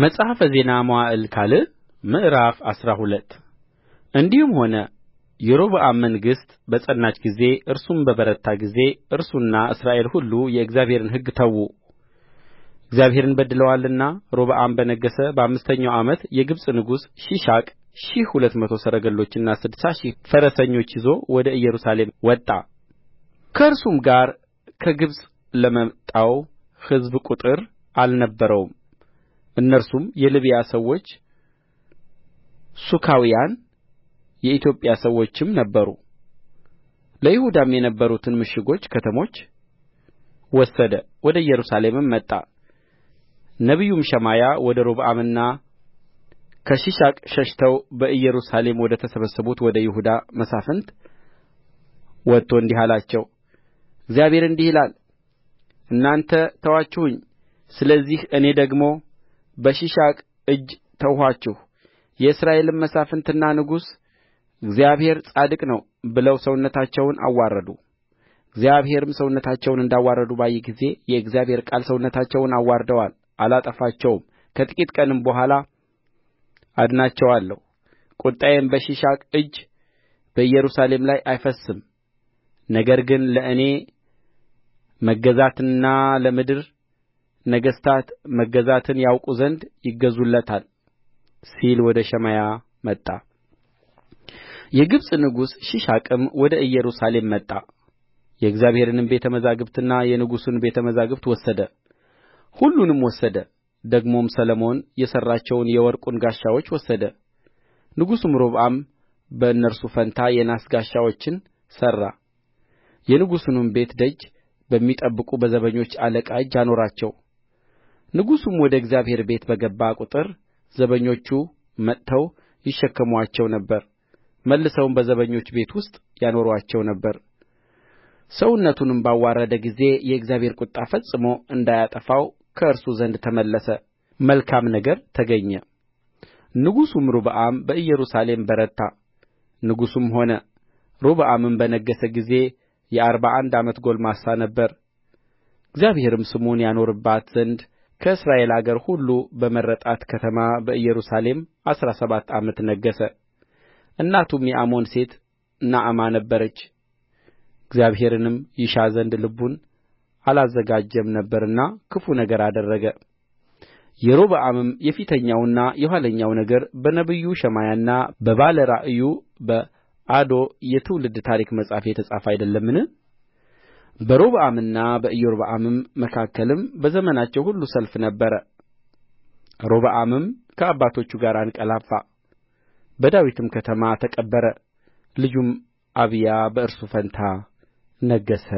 መጽሐፈ ዜና መዋዕል ካልዕ ምዕራፍ አስራ ሁለት እንዲህም ሆነ የሮብዓም መንግሥት በጸናች ጊዜ እርሱም በበረታ ጊዜ እርሱና እስራኤል ሁሉ የእግዚአብሔርን ሕግ ተዉ እግዚአብሔርን በድለዋልና ሮብዓም በነገሠ በአምስተኛው ዓመት የግብጽ ንጉሥ ሺሻቅ ሺህ ሁለት መቶ ሰረገሎችና ስድሳ ሺህ ፈረሰኞች ይዞ ወደ ኢየሩሳሌም ወጣ ከእርሱም ጋር ከግብጽ ለመጣው ሕዝብ ቍጥር አልነበረውም እነርሱም የልብያ ሰዎች ሱካውያን የኢትዮጵያ ሰዎችም ነበሩ ለይሁዳም የነበሩትን ምሽጎች ከተሞች ወሰደ ወደ ኢየሩሳሌምም መጣ ነቢዩም ሸማያ ወደ ሮብዓምና ከሺሻቅ ሸሽተው በኢየሩሳሌም ወደ ተሰበሰቡት ወደ ይሁዳ መሳፍንት ወጥቶ እንዲህ አላቸው እግዚአብሔር እንዲህ ይላል እናንተ ተዋችሁኝ ስለዚህ እኔ ደግሞ በሺሻቅ እጅ ተውኋችሁ የእስራኤልም መሳፍንትና ንጉሥ እግዚአብሔር ጻድቅ ነው ብለው ሰውነታቸውን አዋረዱ እግዚአብሔርም ሰውነታቸውን እንዳዋረዱ ባየ ጊዜ የእግዚአብሔር ቃል ሰውነታቸውን አዋርደዋል አላጠፋቸውም ከጥቂት ቀንም በኋላ አድናቸዋለሁ ቍጣዬም በሺሻቅ እጅ በኢየሩሳሌም ላይ አይፈስስም ነገር ግን ለእኔ መገዛትና ለምድር ነገሥታት መገዛትን ያውቁ ዘንድ ይገዙለታል ሲል ወደ ሸማያ መጣ የግብጽ ንጉሥ ሺሻቅም ወደ ኢየሩሳሌም መጣ የእግዚአብሔርንም ቤተ መዛግብትና የንጉሡን ቤተ መዛግብት ወሰደ ሁሉንም ወሰደ ደግሞም ሰሎሞን የሠራቸውን የወርቁን ጋሻዎች ወሰደ ንጉሡም ሮብዓም በእነርሱ ፈንታ የናስ ጋሻዎችን ሠራ የንጉሡንም ቤት ደጅ በሚጠብቁ በዘበኞች አለቃ እጅ አኖራቸው ንጉሡም ወደ እግዚአብሔር ቤት በገባ ቍጥር ዘበኞቹ መጥተው ይሸከሙአቸው ነበር መልሰውም በዘበኞች ቤት ውስጥ ያኖሩአቸው ነበር ሰውነቱንም ባዋረደ ጊዜ የእግዚአብሔር ቍጣ ፈጽሞ እንዳያጠፋው ከእርሱ ዘንድ ተመለሰ መልካም ነገር ተገኘ ንጉሡም ሮብዓም በኢየሩሳሌም በረታ ንጉሥም ሆነ ሮብዓምም በነገሠ ጊዜ የአርባ አንድ ዓመት ጕልማሳ ነበረ እግዚአብሔርም ስሙን ያኖርባት ዘንድ ከእስራኤል አገር ሁሉ በመረጣት ከተማ በኢየሩሳሌም አሥራ ሰባት ዓመት ነገሠ እናቱም የአሞን ሴት ናዕማ ነበረች እግዚአብሔርንም ይሻ ዘንድ ልቡን አላዘጋጀም ነበርና ክፉ ነገር አደረገ የሮብዓምም የፊተኛውና የኋለኛው ነገር በነቢዩ ሸማያና በባለ ራእዩ በአዶ የትውልድ ታሪክ መጽሐፍ የተጻፈ አይደለምን በሮብዓምና በኢዮርብዓምም መካከልም በዘመናቸው ሁሉ ሰልፍ ነበረ ሮብዓምም ከአባቶቹ ጋር አንቀላፋ በዳዊትም ከተማ ተቀበረ ልጁም አብያ በእርሱ ፋንታ ነገሠ